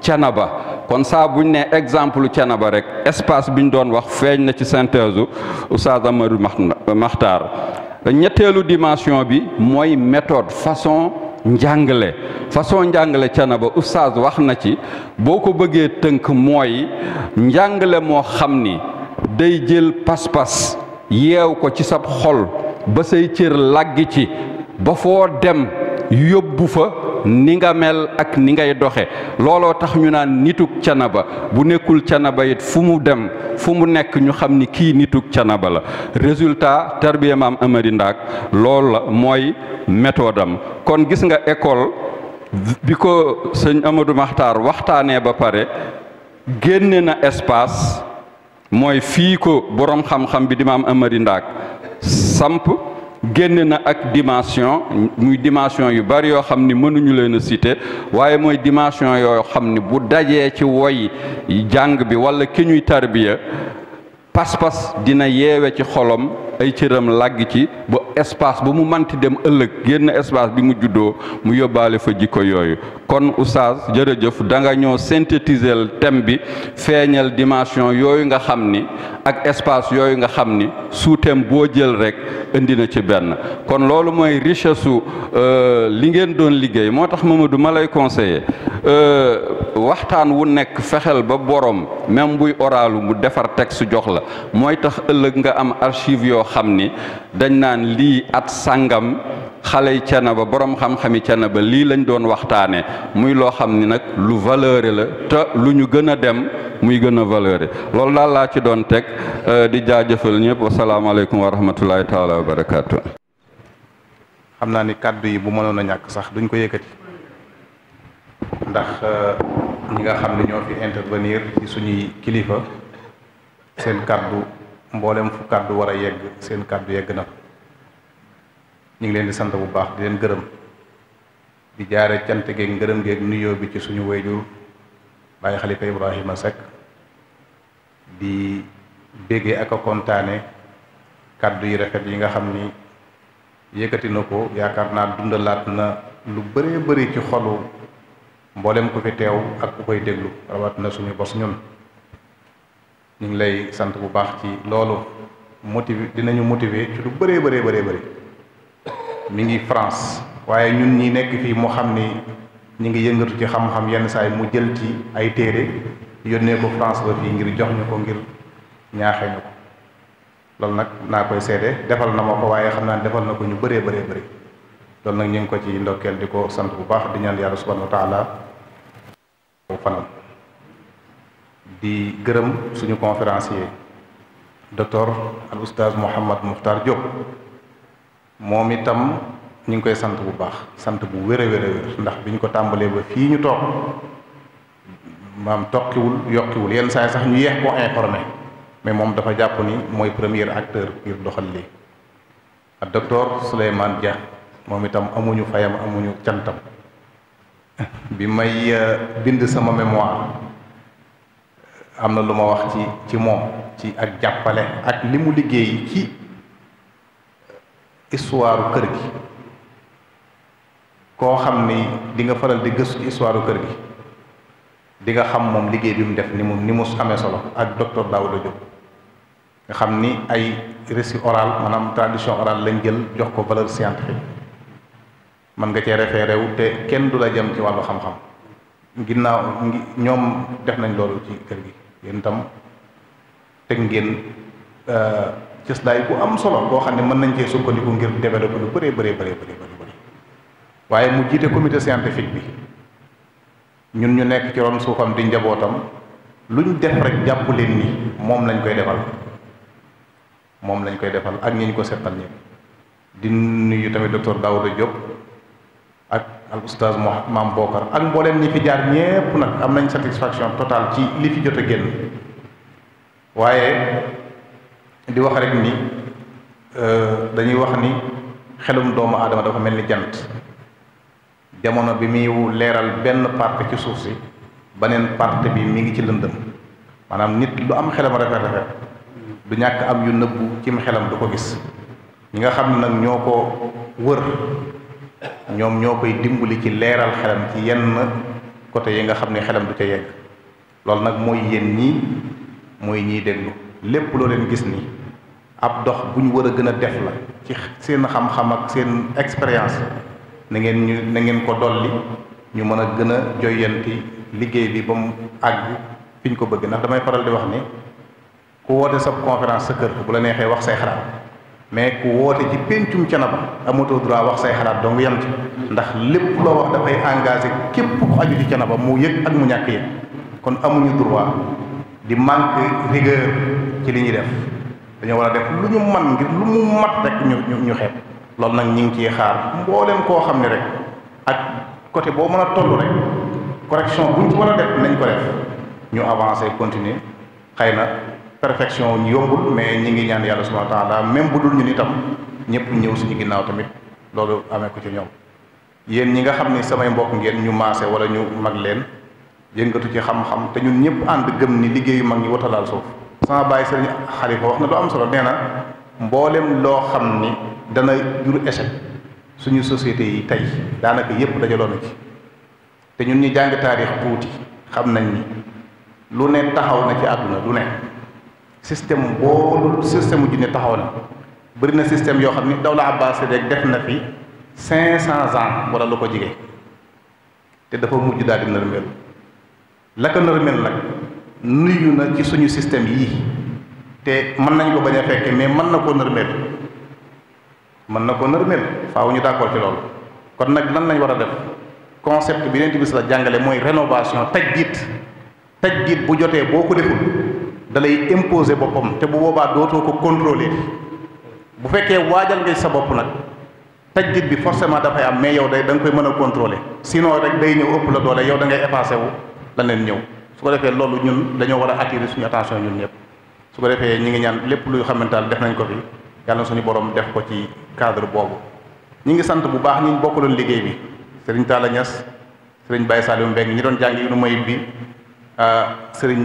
Thiénaba kon saa buñ ne exemple Thiénaba rek espace bi ñu doon wax feeñ na ci synthèse u Oustaz Amari Maxtaar ñetteelu dimension bi mooy méthode façon njàngle façon njàngale Thiénaba oustaz wax na ci boo ko bëggee tënk mooy njàngale moo xam ni day jël pas-pas yeew ko ci sab xol ba say cër làggi ci ba foo dem yóbbu fa ni nga mel ak ni ngay doxe looloo tax ñu naan nituk canaba bu nekkul ca naba it fu mu dem fu mu nekk ñu xam ni kii nituk canaba la résultat tarbiya maam Amari Ndaak loolu la mooy méthode am kon gis nga école bi ko sëñ Amadou Maxtaar waxtaanee ba pare génne na espace mooy fii ko boroom xam-xam bi di maam Amari Ndaak samp génn na ak dimension muy dimension yu bari yoo xam ni mënuñu leen a waaye mooy dimension yoo xam ni bu dajee ci woy jàng bi wala ki ñuy tarbiya pas-pas dina yeewe ci xolom ay cëram làgg ci ba espace ba mu manti dem ëllëg génn espace bi mu juddoo mu yóbbaale fa jikko yooyu kon oustaz jërëjëf danga ñëw ñoo synthétiser thème bi feeñal dimension yooyu nga xam ni ak espace yooyu nga xam ni sous boo jël rek indi na ci benn kon loolu mooy richesse su euh, li ngeen doon liggéey moo tax Mamadou ma lay conseiller euh, waxtaan wu nekk fexeel ba borom même buy oralu mu defar texte jox la mooy tax ëllëg nga am archive yoo xam ni dañ naan lii at sàngam xaley Thiénaba borom xam-xami ba lii lañ doon waxtaane muy loo xam ni nag lu valeuré la te lu ñu gën a dem muy gën a valeuré loolu daal laa ci doon teg euh, di jaajëfal ñëpp wasalaamaaleykum wa rahmatulahi taala wa barakaatu. xam naa ni kàddu yi bu mënoon a ñàkk sax duñ ko yëkkati ndax euh, ñi nga xam ne ñoo fi intervenir ci suñuy kilifa seen kàddu mboolem fu kàddu war a yegg seen kàddu yegg na ñu ngi leen di sant bu baax di leen gërëm di jaare cant geeg ngërëm geeg nuyoo bi ci suñu wayjur bàyyi xalifa Ibrahima Seck di béggee ak a kontaane kàddu yi rafet yi nga xam ni yëkkati na ko yaakaar naa dundalaat na lu bëree bëri ci xolu mboolem ku fi teew ak ku koy déglu rawat na suñu bos ñun ñu ngi lay sant bu baax ci loolu motivé dinañu motiver ci lu bëree bëree bëree bëri mi ngi France waaye ñun ñi nekk fii mu xam ni ñu ngi yëngatu ci xam-xam yenn saay mu jël ci ay téere yónnee ko France ba fii ngir jox ñu ko ngir ñaaxee ñu ko loolu nag naa koy seede defal na ma ko waaye xam naa defal na ko ñu bëree bëree bëri lool nag ñu ngi ko ci ndokkeel di ko sant bu baax di ñaan yàlla subhanahu wa taala fanam di gërëm suñu conférencier docteur al oustaz Mouhamad Moukhtar Diop moom itam ñu ngi koy sant bu baax sant bu wér a wér wér ndax bi ñu ko tàmbalee ba fii ñu toog maam toqiwul yokkiwul yenn saa sax ñu yeex koo informé mais moom dafa jàpp ni mooy première acteur ngir doxal lii ak docteur Souleymane Dia moom itam amuñu fayam amuñu cantam bi may euh, bind sama mémoire am na lu ma wax ci ci moom ci ak jàppale ak li mu liggéey ci histoire kër gi koo xam ni di nga faral di gëstu ci histoire kër gi di nga xam moom liggéey bi mu def ni mu ni mu amee solo ak docteur Daouda Diop nga xam ni ay récit oral maanaam tradition orale lañ jël jox ko valeur scientifique mën nga cee référé wu te kenn du la jëm ci wàllu xam-xam ginnaaw ñoom def nañ loolu ci kër gi yéen itam teg ngeen euh, cëslaay bu am solo boo xam ne mën nañ cee sukkandiku ngir développé lu bare bëree bëree bëri bëri waaye mu jiite comité scientifique bi ñun ñu nekk ci ron suufam di njabootam luñ def rek jàpp leen ni moom lañ koy defal moom lañ koy defal ak ñi ñu ko seqal ñëpp di nuyu tamit docteur Daouda Diop. al oustaz mo maam Bokar ak mbooleem ñi fi jaar ñépp nag am nañ satisfaction totale ci li fi jot a génn waaye di wax rek ni euh, dañuy wax ni xelum doomu aadama dafa mel ni jant jamono bi muy leeral benn part ci suuf si beneen part bi mu ngi ci lëndëm maanaam nit lu am xelam rafet rafet du ñàkk am yu nëbbu cim xelam du ko gis ñi nga xam ne nag ñoo ko wër ñoom ñoo koy dimbali ci leeral xelam ci yenn côté yi nga xam ne xelam du ca yegg loolu nag mooy yéen ñii mooy ñiy déglu lépp loo leen gis nii ab dox bu ñu war a gën a def la ci seen xam-xam ak seen expérience na ngeen ñu na ngeen ko dolli ñu mën a gën a joyanti liggéey bi ba mu àgg fi ñu ko bëgg ndax damay faral di wax ni ku woote sa conférence sa kër bu la neexee wax say xalaat mais ku woote ci péncum Thiénaba amatoo droit wax say xalaat dong yam ci ndax lépp loo wax dafay engagé képp ku aju ci Thiénaba mu yëg ak mu ñàkk yëg kon amuñu droit di man rigueur ci li ñuy def dañoo war a def lu ñu man ngir lu mu mat rek ñu ñu xeeb loolu nag ñu ngi ciy xaar mbooleem koo xam ne rek ak côté boo mën a toll rek correction buñ ci war a def nañ ko def ñu avancé continuer xëy na perfection yombul mais ñi ngi ñaan yàlla subhanahu wa taala même bu dul ñun itam ñëpp ñëw suñu ginnaaw tamit loolu amee ko ci ñoom yéen ñi nga xam ni samay mbokk ngeen ñu maase wala ñu mag leen yëngatu ci xam-xam te ñun ñëpp ànd gëm ni liggéeyu mag ñi watalaal suuf sama bàyyi sëriñ boo wax na lu am solo nee na mboolem loo xam ni dana jur échec suñu société yi tey daanaka yëpp dajaloo na ci te ñun ñu jàng taarix tuuti xam nañ ni lu ne taxaw na ci àdduna lu ne système boo système ju ne taxaw na bëri na système yoo xam ni dawla abbas rek def na fi cinq cent ans wala lu ko jige te dafa mujj daal di nërmeel lakk ko nërmeel nag nuyu na ci suñu système yii te mën nañ ko bañ a fekke mais mën na koo nërmeel mën na koo nërmeel faaw ñu d'accord ci loolu kon nag lan lañ war a def concept bi leen di bis la jàngale mooy rénovation tajdiit tajdiit bu jotee boo ko deful da lay imposer boppam te bu boobaa dootoo ko contrôler bu fekkee waajal ngay sa bopp nag tajdid bi forcément dafay am mais yow day da koy mën a contrôler sinon rek day ñëw ëpp la doole yow da ngay effacé wu la leen ñëw su ko defee loolu ñun dañoo war a attirer suñu attention ñun ñëpp su ko defee ñi ngi ñaan lépp luy xamantaal def nañ ko fi yàlla suñu boroom def ko ci cadre boobu ñu ngi sant bu baax ñu bokk bokkaloon liggéey bi sëriñ Talla Niass sëriñ Baye Saliou Mbengue ñi doon jàng yu nu mayit bi ah, sëriñ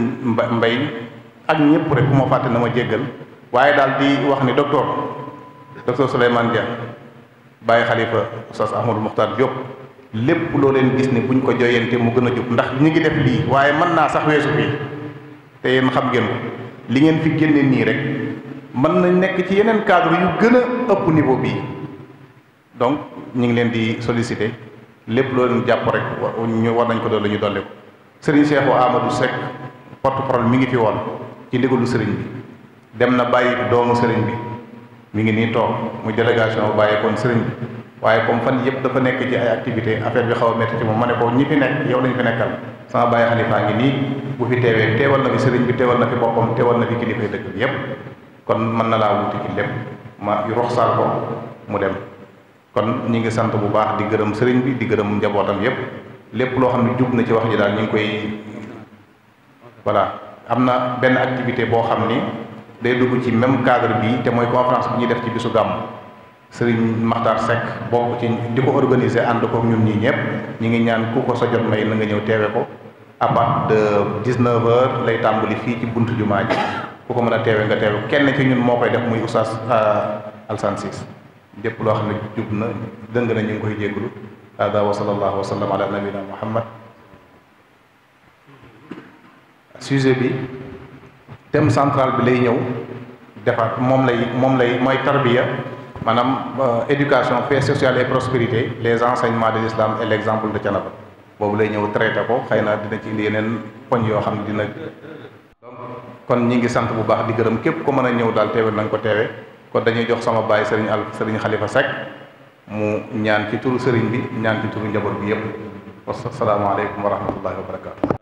Mbaye ak ñëpp rek ku ma fàtte na ma jéggal waaye daal di wax ni docteur docteur Souleymane Dia bàyyi xalifa Oustaz Ahmadou Mokhtar Diop lépp loo leen gis ni buñ ko joyante mu gën a jub ndax ñu ngi def lii waaye man naa sax weesu fii te yéen xam ngeen li ngeen fi génne nii rek mën nañ nekk ci yeneen cadre yu gën a ëpp niveau bii donc ñu ngi leen di solliciter lépp loo leen jàpp rek ñu war nañ ko doon la ñu dolli ko Serigne Cheikhou Amadou Seck porte-parole mi ngi fi woon ci ndigalu sëriñ bi dem na bàyyi doomu sëriñ bi mu ngi nii toog muy délégation bu bàyyeekoon sëriñ bi waaye comme fan yëpp dafa nekk ci ay activité affaire bi xaw a métti ci moom ma ne ko ñi fi nekk yow lañu fi nekkal sama bàyyi xalifaa ngi nii bu fi teewee teewal na fi sëriñ bi teewal na fi boppam teewal na fi kilifay dëkk bi yépp kon mën na laa wuti ci lépp ma roxsaal ko mu dem kon ñu ngi sant bu baax di gërëm sëriñ bi di gërëm njabootam yépp lépp loo xam ne jub na ci wax ji daal ñu ngi koy voilà am na benn activité boo xam ni day dugg ci même cadre bi te mooy conférence bi ñuy def ci bisu gàmm Serigne Makhtar Seck bokk ci di ko organiser ànd ko ñun ñii ñëpp ñi ngi ñaan ku ko sa jot may na nga ñëw teewe ko à partir de 19 lay tàmbali fii ci buntu jumaa ji ku ko mën a teewe nga teewe kenn ci ñun moo koy def muy usas euh, Alsane Ciss lépp loo xam ne jub na dëng na ñu ngi koy jégalu hada wa sallallahu wa sallam ala nabina muhammad sujet bi thème centrale bi lay ñëw defar moom lay moom lay mooy tarbiya maanaam euh, éducation paix sociale et prospérité les enseignements de l'islam et l'exemple de Thiénaba boobu lay ñëw traité ko xëy naa dina ci indi yeneen poñ yoo xam ne dina donc kon ñi ngi sant bu baax di gërëm képp ku mën a ñëw daal teewee nañ ko teewee kon dañuy jox sama baay sëriñ al sëriñ Xalifa Seck mu ñaan ci turu sëriñ bi ñaan ci turu njaboot bi yépp wasalaamaaleykum wa rahmatullahi wa barakaatu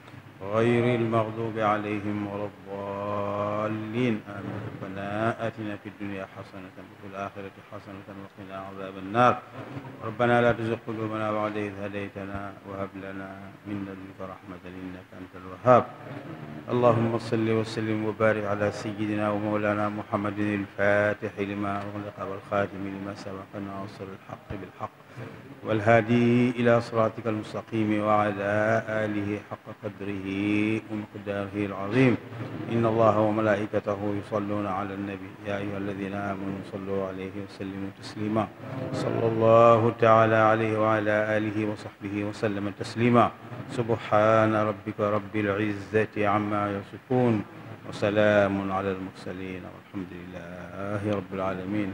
غير المغضوب عليهم ولا الضالين آمين ربنا آتنا في الدنيا حسنة وفي الآخرة حسنة وقنا عذاب النار ربنا لا تزغ قلوبنا بعد إذ هديتنا وهب لنا من لدنك رحمة إنك أنت الوهاب اللهم صل وسلم وبارك على سيدنا ومولانا محمد الفاتح لما أغلق والخاتم لما سبق ناصر الحق بالحق والهادي إلى صراطك المستقيم وعلى آله حق قدره ومقداره العظيم إن الله وملائكته يصلون على النبي يا أيها الذين آمنوا صلوا عليه وسلموا تسليما صلى الله تعالى عليه وعلى آله وصحبه وسلم تسليما سبحان ربك رب العزة عما يصفون وسلام على المرسلين والحمد لله رب العالمين